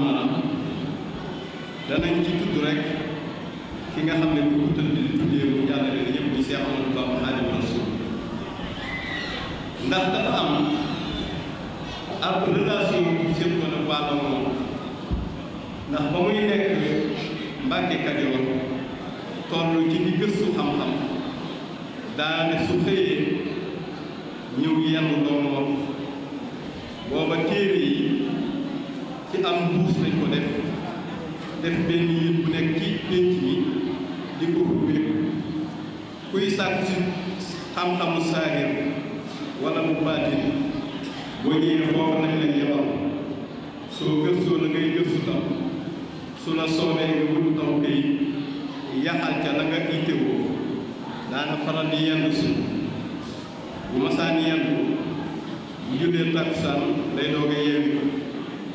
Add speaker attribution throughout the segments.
Speaker 1: maanaam danañ ci tudd rek ki nga xam ne ñu tuddee di tuddee mu jàllale leen yëpp di ndax dafa am ab relation bu seen ko nag waa moom ndax ba muy nekk Mbàkke Kajoor ci di gëstu xam-xam daane su xëyee ñëw yenn doomam booba téere def benn yéen bu nekk ci pénc yi di ko kuy sàkk ci xam-xamu saahir wala mu baatin boo ñëwee foofu nañ lañ yebal soo gëstoo la ngay gëstu tam su la soobee nga wut tam kay yaxal ca la nga ittewoo daana faral di yendu si bu masaan yendu bu jullee takkusaan lay doog a yeewi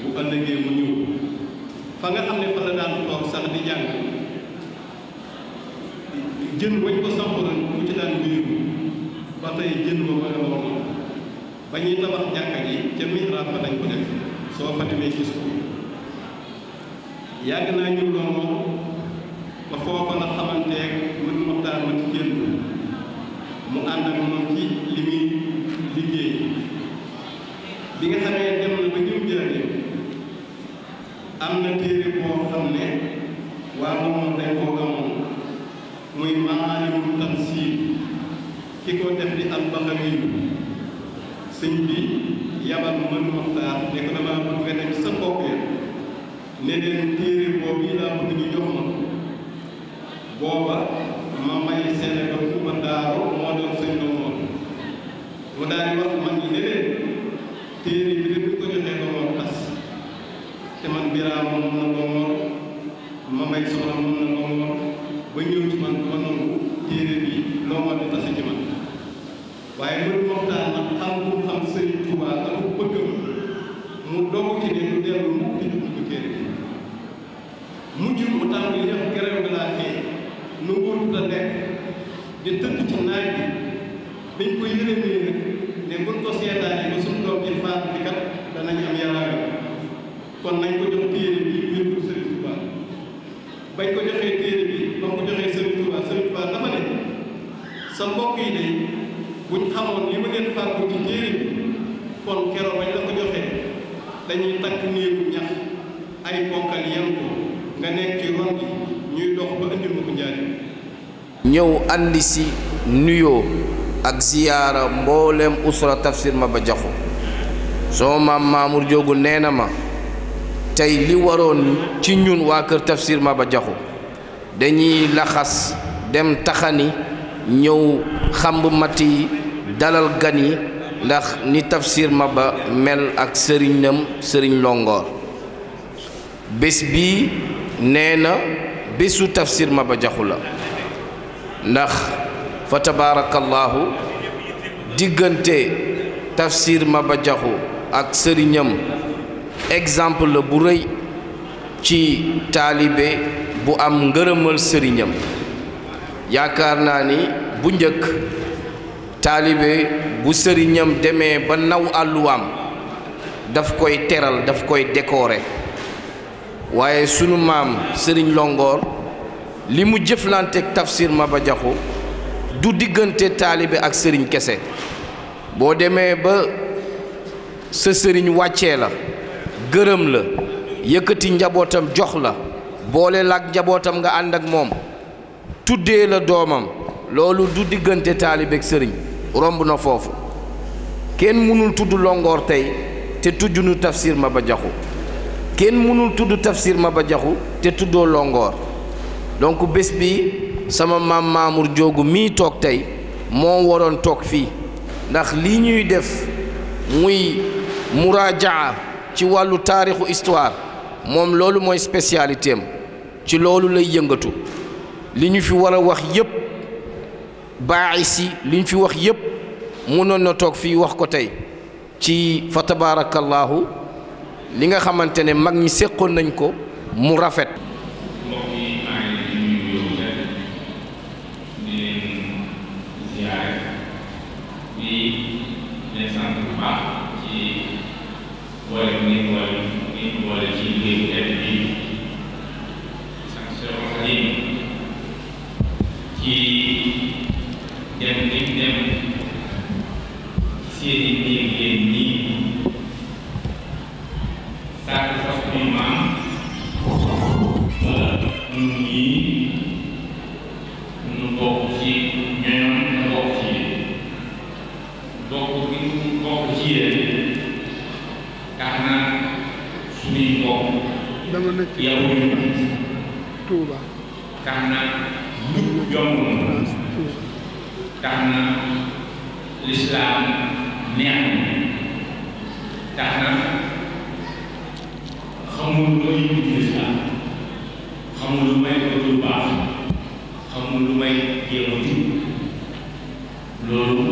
Speaker 1: bu ëllëgee mu ñëw fa nga xam ne fa la daan toog sax di jàng jën wañ ko sampaloon mu ci daan wéeru ba tey jën boobu nga woon ba ñuy tabax jàkka ji ca mihraab ba lañ ko def soo fa demee gis yàgg naa ñu doon ba foofa la xamanteeg mën Muxtaar ma ci jën mu ànd ak moom ci li muy liggéey bi nga xamee am na téere boo xam ne waa moom dañ koo amoon muy maalimul tansiir ki ko def di am baxawiyu sëñ bi yabal mën waxtaan ne ko damaa bëgg nga dem sa mbokk ya ne leen téere boobu yi laa bëgg ñu jox ma booba ma may seen ko ku daaru moo doon sëñ la moom mu daal wax man ñi ne téere bi de ko joxee ko te man biraa moom na ko moom ma may soxna mën na ko moom ba ñëw ci man ma nangu téere bi loo ma di tase waaye mën moxtaan nag xam bu xam Sëriñ Tuubaa dafa bëggam mu dong ci ne du dellu mukk ci dugg ci téere bi
Speaker 2: mujj mu tàmbali def
Speaker 1: grève de la faim nu nguur la nekk di tëdd ci naaj bi dañ ko yërëmee nag ne buñ ko seetaanee ba suñu doom ci faatu kat danañ am yaraanga kon nañ ko jox téere bi wér ko Serigne Touba bañ ko joxee téere bi ba ko joxee Serigne Touba Serigne Touba dafa ne sa mbokk yi de buñ xamoon li ma leen fàggu ci téere bi kon keroog bañ la ko joxee dañuy takk néegu ñax ay bokkal yan nga nekk ron bi ñuy dox ba indi ma ko njaari
Speaker 2: ñëw andi si nuyoo ak ziyaara mboolem usra tafsir ma ba jaxu soo maam Mamour Diogou nee na ma tay li waron ci ñun wa keur tafsir ba joxu dañuy laxas dem taxani ñew xamb mati dalal gani, ndax ni tafsir Maba mel ak serignam serign longor bes bi neena besu tafsir tafsir Maba joxu la ndax fa tabarakallahu digeunte tafsir Maba joxu ak serignam exemple la bu rëy ci taalibe bu am ngërëmal sëriñam yaakaar naa ni bu njëkk taalibe bu sëriñam demee ba naw àlluwaam daf koy teral daf koy dekoore waaye sunu maam sëriñ Longoor li mu jëflanteeg tafsir Maba Jaxu du diggante taalibe ak sëriñ kese boo demee ba sa sëriñ wàccee la gërëm la yëkkati njabootam jox la boole laak njabootam nga ànd ak moom tuddee la doomam loolu du diggante taalibe ak sëriñ romb na foofu kenn mënul tudd longoor tey te tuddunu tafsir ma ba jaxu kenn mënul tudd tafsir ma ba jaxu te tuddoo longoor donc bés bi sama maam Mamour joogu mii toog tey moo waroon toog fii ndax lii ñuy def muy muraajaa ci wàllu taarixu histoire moom loolu mooy spécialité am ci loolu lay yëngatu li ñu fi war a wax yépp baaxi si li ñu fi wax yépp mënoon na toog fii wax ko tey ci fa tabaarakallaahu li nga xamante ne mag ñi séqoon nañ ko mu rafet
Speaker 3: boole nit boole nit boole ci liggéey bu tedd yow ñu Touba tax na njub yomb tax na lislaam neex tax na xamul lu may lislaam xamul lu may ko lu baax xamul lu may jéem a jub loolu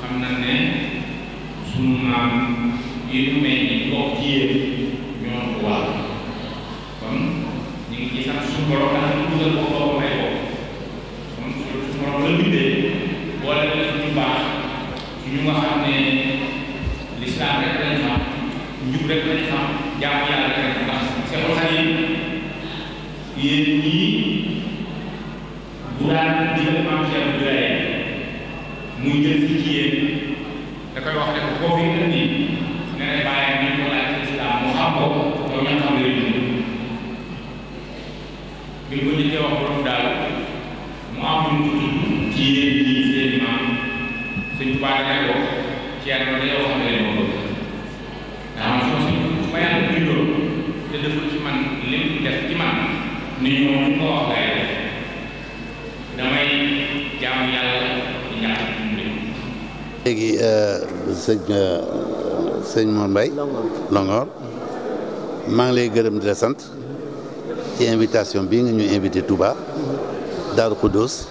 Speaker 3: xam na ne sunu maam yi mel ni bokk suñu borom nga xam ne musal ko kooku may ko suñu borom la bindee boole na suñu baax suñu nga xam suñu baax ne ko ci yàlla na yow xam ne moom ndax man suma su ma yàlla bindoo te deful ci man li def ci man ni ñu mun ko wax gaay damay jaamu yàlla di ñàkk
Speaker 4: léegi sëñ sëñ Mor Mbaye Longhor maa ngi lay gërëm di sant ci invitation bi nga ñu invité Touba Daaru Khoudoss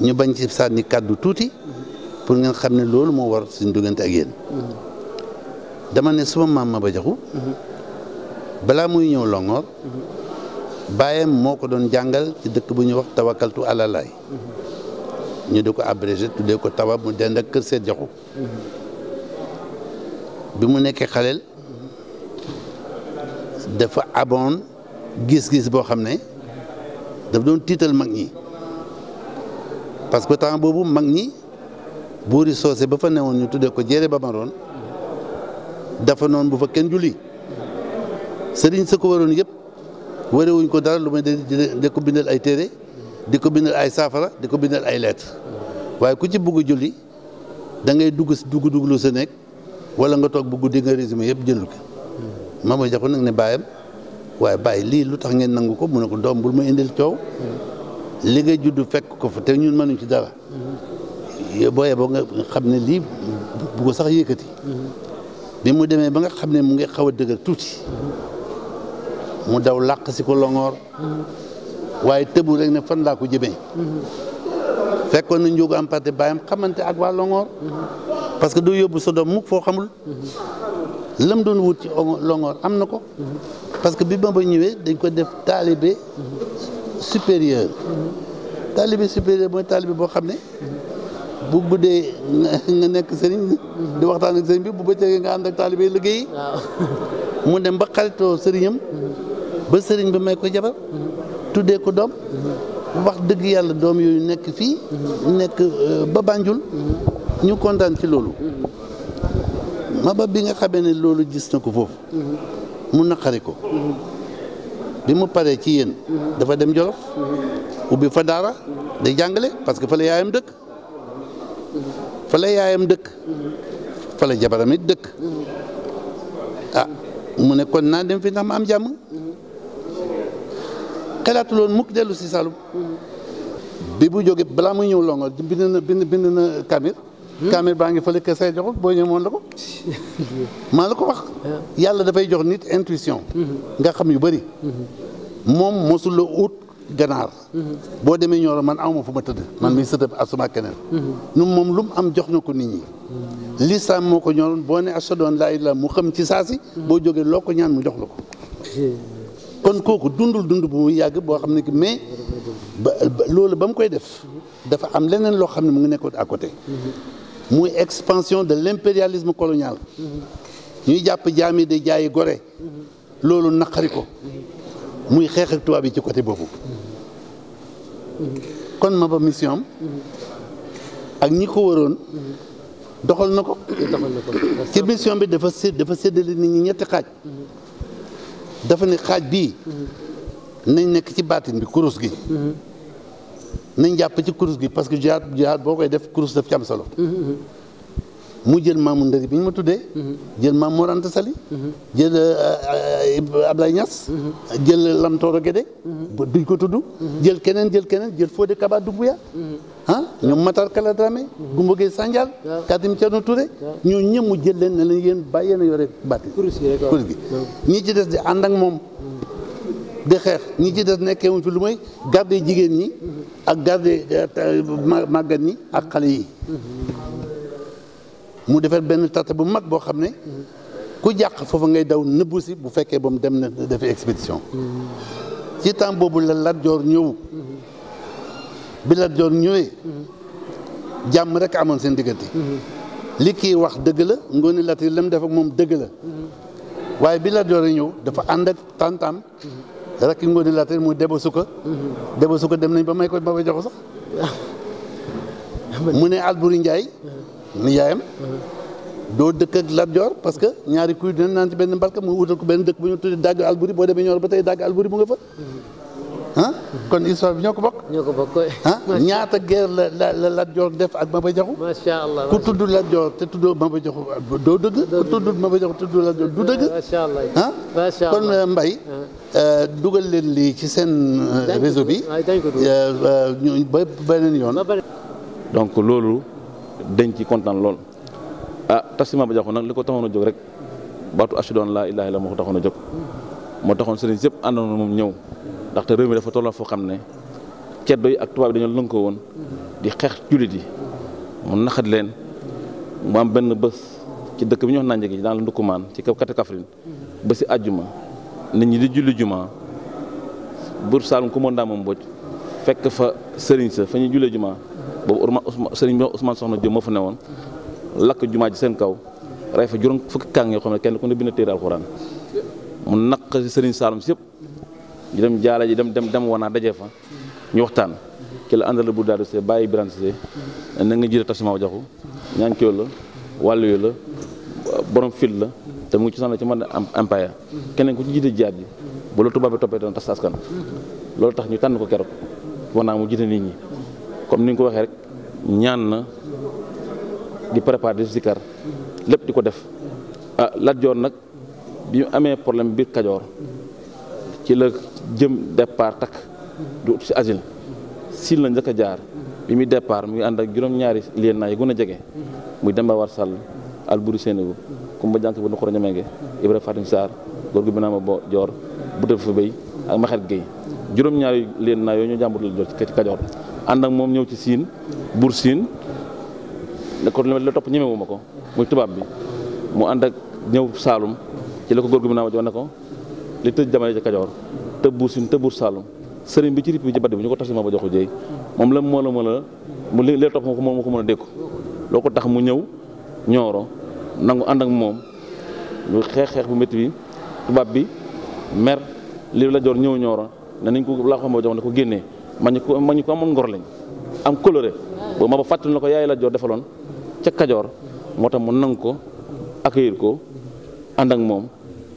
Speaker 4: ñu bañ ci sànni kàddu tuuti pour ngeen xam ne loolu moo war suñu duggante ak yéen. dama ne suma maam ba Jaxu balaa muy ñëw Longoor baayam moo ko doon jàngal ci dëkk bu ñuy wax tawakaltu alalaay ñu di ko abrégé tuddee ko tawa mu dend ak kër seet jaxu bi mu nekkee xaleel dafa aboon gis-gis boo xam ne daf doon tiital mag ñi parce que temps boobu mag ñi buuri soose ba fa newoon ñu tuddee ko jéere ba maroon dafa noonu bu fa kenn julli sëriñ sa ko waroon yëpp warewuñ ko dara lu ma di ko bindal ay téere di ko bindal ay saafara di ko bindal ay leet waaye ku ci bugg julli da ngay dugg si dugg dugg lu sa nekk wala nga toog bu guddi nga résumé yëpp jëndul ma mooy Mor nag ne bàyyam waaye bàyyi lii lu tax ngeen nangu ko mu ne ko doom bul ma indil coow li nga judd fekk ko fa te ñun mënuñ ci dara booyee boo nga xam ne lii bu ko sax yëkkati bi mu demee ba nga xam ne mu ngi xaw a dëgër tuuti mu daw làq si ko longoor waaye tëbu rek ne fan laa ko jëmee fekkoon na njóogu am parte bàyyam xamante ak waa longoor parce que du yóbbu sa doom mukk foo xamul lam doon wut ci longoor am na ko parce que bi ma ba ñëwee dañ ko def taalibe supérieur taalibe supérieur mooy taalibe boo xam ne bu guddee nga nekk sëriñ di waxtaan ak sëriñ bi bu bëccëgee nga am ak taalibe liggéey mu dem ba xaritoo sëriñam ba sëriñ bi may ko jabar tuddee ko doom wax dëgg yàlla doom yooyu nekk fii nekk euh, ba Banjul ñu kontaan ci loolu ma bi nga xamee ne loolu gis na ko foofu mu naqari ko bi mu paree ci yéen dafa dem Jolof ubbi fa daara day jàngale parce que fa la yaayam dëkk fa la yaayam dëkk fa la jabaram it dëkk ah mu ne kon naa dem fi ndax am jàmm xalaatu mukk dellu si Saloum bi bu jógee balaa muy ñëw Longoor bind na bind na Kamir kaamil baa ngi fële kër say joxul boo ñëwee moom la ko. maa la ko wax. yàlla dafay jox nit intuition. nga xam yu bëri. moom mosul ut ganaar. boo demee ñoro man awma fu ma tëdd. man mi sëtëb asuma keneen. ñun moom lu mu am jox na ko nit ñi. lislaam moo ko ñoroon boo ne ak asadoon laa ilaa mu xam ci saasi. boo jógee loo ko ñaan mu jox la ko. kon kooku dundul dund bu muy yàgg boo xam ne mais ba loolu ba mu koy def. dafa am leneen loo xam ne mu ngi nekkoon à côté. muy expansion de l'impérialisme colonial ñuy japp jami de di jaayi gore loolu naqari ko muy xeex ak tubaab yi ci côté bobu kon ma ba mission am ak ñi ko waroon doxal nako ci mission bi dafa dafa séddale nit ñi ñetti xaaj dafa ni xaaj bi mm-hmm. nañ nek ci baatin bi kurus gi mm-hmm. nañ jàpp ci kurus gi parce que jihaad jihaad boo koy def kurus daf ci solo. mu jël maamu ndëri bi ñu ma tuddee. jël maam Mor Anta Sali. jël euh, Ablaye Niass. jël Lam Tooro Guédé. duñ ko tudd. jël keneen jël keneen jël Fodé Kaba Doumbouya. ah ñoom Matar Kala Dramé. Goumba Gueye Sandial. waaw Katim Thierno Touré. ñoo ñëpp mu jël leen ne leen yéen bàyyi na yore baat yi. gi ñi ci des di ànd ak moom. di xeex ñi ci des nekkee wuñ fi lu may garder jigéen ñi. ak garder euh, màggat ñi ak xale yi mu defar benn tata bu mag boo xam ne ku jàq foofu ngay daw nëbbu si bu fekkee ba mu dem na defi expédition ci temps boobu la Lat Joor ñëw bi Lat Joor ñëwee jàmm rek amoon seen diggante li kii wax dëgg la ngoon Latiir la mu def ak moom dëgg la waaye bi Lat Joor a ñëw dafa ànd ak tantam rakki ngoone laata muy deba sukka deba sukka dem nañ ba may koy Maba Jaxu sax mu ne Alburi Njaay mm-hmm. ni yaayam mm-hmm. doo dëkk ak Lat Joor parce que ñaari kuy dina naan ci benn mbarka mu wutal ko benn dëkk bu ñu tuddee dàgg Alburi boo demee ñoor ba tey dàgg Alburi mu nga fa mm-hmm. kon histoire bi ñoo ko bokk. ñoo ko bokk ñaata guerre la Lat Joor def ak ba Jaxu.
Speaker 5: macha allah ku tudd
Speaker 4: Lat Joor te tuddoo Maba Jaxu doo dëgg. tudd Maba Jaxu te tudd Lat Joor du dëgg. macha kon euh, Mbaye. Euh, dugal leen lii ci seen. Euh, réseau bi ñu ba beneen yoon.
Speaker 6: donc loolu dañ ci kontaan lool ah tas Maba Jaxu nag li ko taxoon a jog rek baatu ashhadu an laa ilaaha la moo ko taxoon a jog moo taxoon sëriñ yëpp àndoon moom ñëw. ndaxte réew mi dafa tolloo foo xam ne ceddo yi ak tubaab yi dañoo lënkoo woon di xeex jullit yi mu naxat leen mu am benn bés ci dëkk bi ñu wax naan njëg daan la ci kaw kati Kaffrine ba si ñi di julli juma buur Saalum ku ma ndaa moom Mbodj fekk fa sëriñ sa fa ñuy juma boobu Ousmane sëriñ bi Ousmane Soxna newoon lakk juma ji seen kaw rey fa juróom fukki kenn ku ne naq si sëriñ Saalum si yëpp ñu dem jaala ji dem dem dem wanaa daje fa ñu waxtaan ki la bu daadu see bàyyi Birane Cissé na nga jiite tasuma jaxu ñaan kiw la wàllu la borom fit la te mu ngi ci soxla ci mën empire keneen ku ci jiite jiyaat ji ba la tubaab bi toppee dana tas askan loolu tax ñu tànn ko keroog wanaa mu jiite nit ñi comme ni nga ko waxee rek ñaan na di préparer di sikar lépp di ko def ah Lat Joor nag bi mu amee problème biir Kajoor ci la jëm départ tak du ci si asile sil la njëkk jaar bi mi départ mu ngi and ak juroom ñaari lien yi gën a muy Demba War Sall Alburi Sénégal Kumba Jànk bu ñame nge Ibra Fatim sar gor gu binama bo jor bu def fu béy ak Maxet Gueye juroom ñaari lien naa yo ñu jàmbur jor ci kadjor and ak mom ñew ci sin Buur sin ne ko la topp wu mako muy tubab bi mu and ak ñew salum ci lako gor gu binama jox nako li tëj jamono ca Kajoor te Buur Siin te Buur Saalum sëriñ bi ci rip bi ci badd bi ñu ko ma ba jox ko jéy moom la moo la mën a mu li lee topp moo ko moo ko loo ko tax mu ñëw ñooro nangu ànd ak moom lu xeex xeex bu metti bi tubaab bi mer li la joor ñëw ñooro ne nañ ko laa xam ba jox ne ko génnee ma ñu ko ma ñu ko amoon lañ am coloré boo ma ba fàttali na ko yaay la joor defaloon ca Kajoor moo tax mu nangu ko accueillir ko ànd ak moom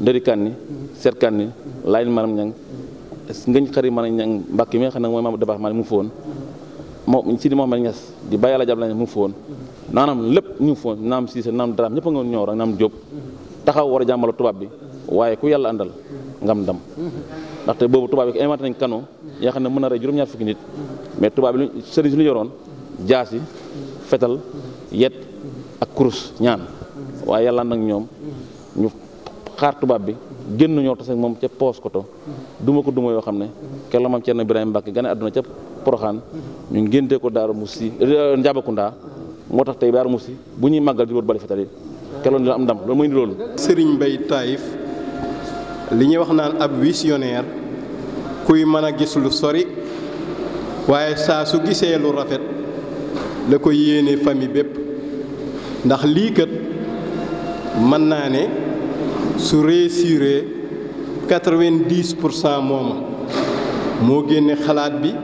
Speaker 6: ndari kanni set kanni lain manam ñang ngeñ xari manam ñang mbakki mi xana moy mamadou dabax man mu foon mo ci di mel ñass di bayala jab lañ mu foon nanam lepp ñu foon nam ci nam dram ñepp nga nam job taxaw wara jamal tubab bi waye ku yalla andal ngam dam te bobu tubab bi inventé nañ kanu ya xana mëna ray juroom ñaar fukki nit mais tubab bi serigne lu yoron jaasi fetal yet ak kurus ñaan waye yalla nak ñom ñu xaar tubaab bi génn ñoo tase ak moom ca poos duma ko duma yoo xam ne kenn la maam Cerno Ibrahima Mbàkke gane àdduna ca Poroxaan ñu ngénte ko Daaru Musi euh, Njaabacounda moo tax tey Daaru Musi bu ñuy màggal jubóot bali fatali keloon dina am ndam loolu mooy indi loolu Serigne Mbaye Taïf
Speaker 1: li ñuy wax naan ab visionnaire kuy mën a gis lu sori waaye saa su gisee lu rafet la ko yéene famille bépp ndax lii kat mën naa ne su réussiree quatre vingt pour cent mooma moo génne xalaat bi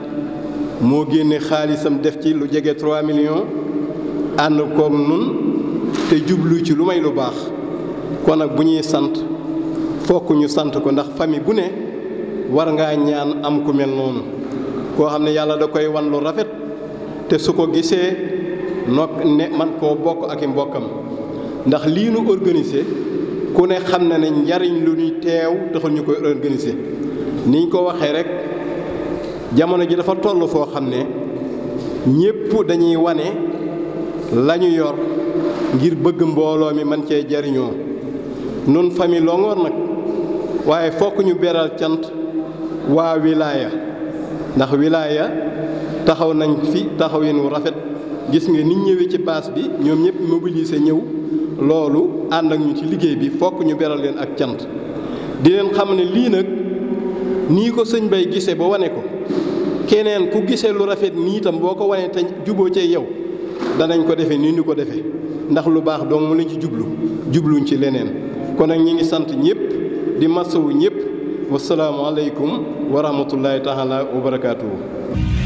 Speaker 1: moo génne xaalisam def ci lu jege trois millions ànd koog nun te jublu ci lu may lu baax kon nag bu ñuy sant fokk ñu sant ko ndax famille bu ne war ngaa ñaan am ku mel noonu koo xam ne yàlla da koy wan lu rafet te su ko gisee nokk ne man koo bokk ak i mbokkam ndax lii nu organisé ku ne xam na ne njariñ lu ñuy teew taxul ñu ko organiser niñ ko waxee rek jamono ji dafa toll foo xam ne ñépp dañuy wane la ñu yor ngir bëgg mbooloo mi man cee jariñoo nun famille Longhor nag waaye fokk ñu beral cant waa wilaaya ndax wilaaya taxaw nañ fi taxaw yéen wu rafet gis nga nit ñëwee ci paas bi ñoom ñëpp mobiliser ñëw loolu ànd ak ñu ci liggéey bi fokk ñu beral leen ak cant di leen xam ne lii nag nii ko sëñ bay gise ba wane ko keneen ku gisee lu rafet nii itam boo ko wanee te juboo cee yow danañ ko defee nii ñu ko defee ndax lu baax dong mu ci jublu jubluñ ci leneen kon nag ñi ngi sant ñëpp di masawu ñëpp wasalaamualeykum wa rahmatullahi taala wa barakaatuhu